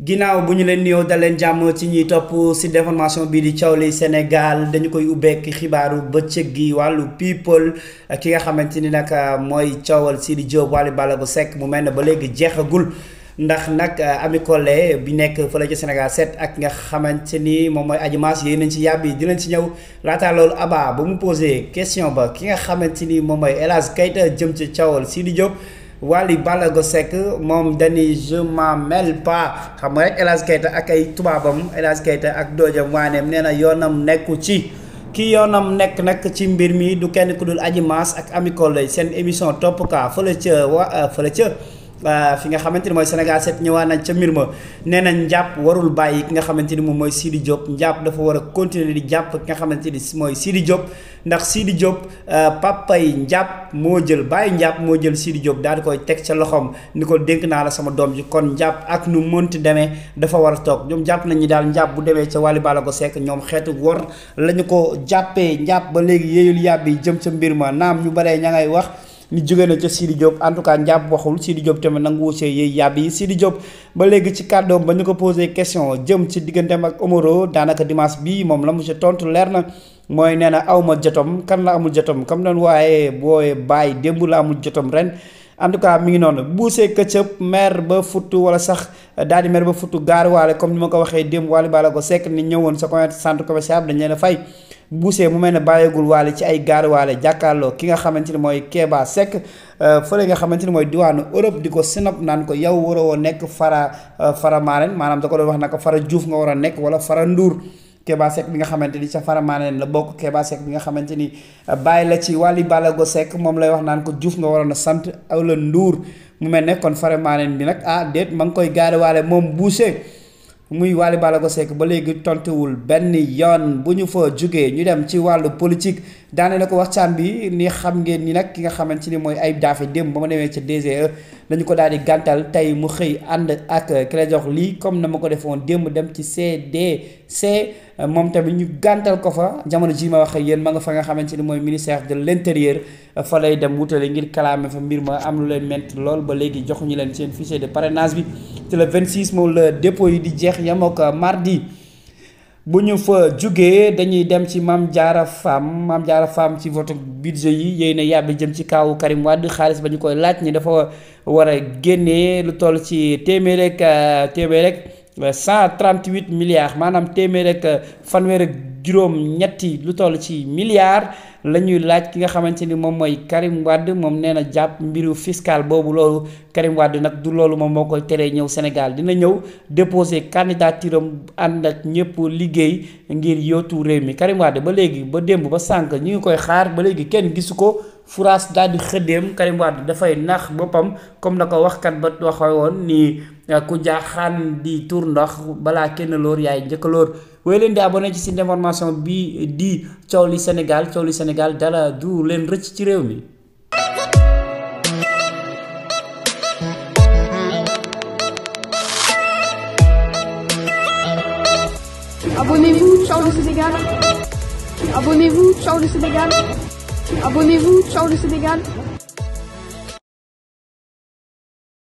ginnaaw bu ñu leen nuyoo daleen jàmm ci ñuy topp si d'information bii di Thiowli Sénégal dañu koy ubbeek xibaaru bëccëg gi wàllu people ki nga xamante ni nag mooy coowal Sidi Diop Wally bu Seck mu mel ne ba léegi jeexagul ndax nag Ami Collé bi nekk fële ci Sénégal 7 ak nga xamante ni moom mooy Adji Mass yéen nañ ci yàbbi dinañ ci ñëw laataa loolu Aba ba mu posé question ba ki nga xamante ni moom mooy El Hadj Keita jëm ci coowal Sidi Diop Wally Ballago Seck moom dañuy je m'en mêle pas xam nga rek El ak ay tubaabam El Hadj ak doojam waaneem nee na yoonam nekku ci ki yoonam nekk nag ci mbir mi du kenn ku dul Adji ak Ami Collé seen émission topp kaa fële ca wa fële ca Euh, fi nga xamante ni mooy Sénégal set ñëwaat nañ ca mbir ma nee nañ njàpp warul bàyyi ki nga xamante ni moom mooy Sidi Diop njàpp dafa war a continuer di jàpp ki nga xamante ni mooy Sidi Diop ndax Sidi Diop euh, papay njàpp moo jël bàyyi njàpp moo jël Sidi Diop daal di koy teg ca loxoom ni ko dénk naa la sama doom ji kon njàpp ak nu mënti demee dafa war a toog ñoom jàpp nañ ñi daal njàpp bu demee ca Wally ko sekk ñoom xeetu wor la ñu ko jàppee njàpp ba léegi yéeyul yàbbi jëm ca mbir ma naam ñu baree ña ngay wax ni jóge na ca Sidi Diop en tout cas njàpp waxul Sidi Diop tamit nangu see yëy yàbb yi Sidi ba léegi ci kàddoom ba ñu ko posé question jëm ci digganteem ak Omaro daanaka dimanche bii moom la mu ci tontu leer na mooy nee na awma jotom kan la amul jotom comme noonu waaye booy bàyyi démb la amul jotom ren en tout cas mi ngi noonu buusee këccëb mer ba futtu wala sax daal di mer ba futtu gaar waale comme ni ma ko waxee démb waale baala ko sekk ni ñëwoon sa centre commercial dañ leen a fay Boucher mu mel ne bàyyeegul waale ci ay gaar waale jàkkaarloo ki nga xamante ni mooy Keba Seck euh, fële nga xamante ni mooy diwaanu Europe di ko sinap naan ko yow war a woo nekk fara euh, fara maanaam da ko doon wax na ko fara Diouf nga war a nekk wala fara Ndour Keba bi nga xamante ni ca faramaaneen la bokk Keba Seck bi nga xamante ni euh, bàyyi la ci wàlli balago Seck moom lay wax naan ko Diouf nga waroon a sant aw la Ndour mu mel ne kon faramaaneen bi nag ah déet ma ngi koy gaariwaale moom Boucher muy Waly ko seek ba léegi tontuwul benn yoon bu ñu fa jógee ñu dem ci wàllu politique daane na ko waxtaan bi ni xam ngeen ni nag ki nga xamante ni mooy Ayib Daffé démb ba demee ca DGE dañu ko daal di gàntal tey mu xëy ànd ak Clédor Ly comme na ma ko defoon démb dem ci CDC moom tamit ñu gantal ko fa jamono jii ma wax yéen ma nga fa nga xamante ni mooy ministère de l'intérieur fa lay dem wutale ngir kalaame fa mbir ma am lu leen ment lool ba léegi ñu leen seen fichier de parrainage bi ci le 26 moom la dépôt yi di jeex yam mardi bu ñu fa jógee dañuy dem ci maam jaara Fam maam Diarra Fam ci vote budget yi yéy na yàbbi jëm ci kaawu Karim Wade xaalis ba ñu koy laaj ni dafa war a génnee lu toll ci téeméer rek téeméer rek 138 milliards maanaam téeméer rek fanweer ak juróom ñetti lu toll ci milliards la ñuy laaj ki nga xamante ni moom mooy Karim Wade moom nee na jàpp mbiru fiscal boobu loolu Karim nag du loolu moom moo koy teree ñëw Sénégal dina ñëw déposer candidature ànd ak ñëpp liggéey ngir yootu réew mi Karim ba léegi ba démb ba sànq ñu ngi koy xaar ba léegi kenn gisu ko. Furaas daal xëddéem xëddeem dafay nax boppam comme na ko wax waxkat ba waxee woon ni ku jaaxaan di tuur ndox balaa kenn lóor yaay njëkk lóor wooyu leen di abonné ci site d'information bi di coow li Sénégal coow li Sénégal dara du leen rëcc ci réew mi Abonnez-vous, ciao le Sénégal. Abonnez-vous, ciao le Sénégal.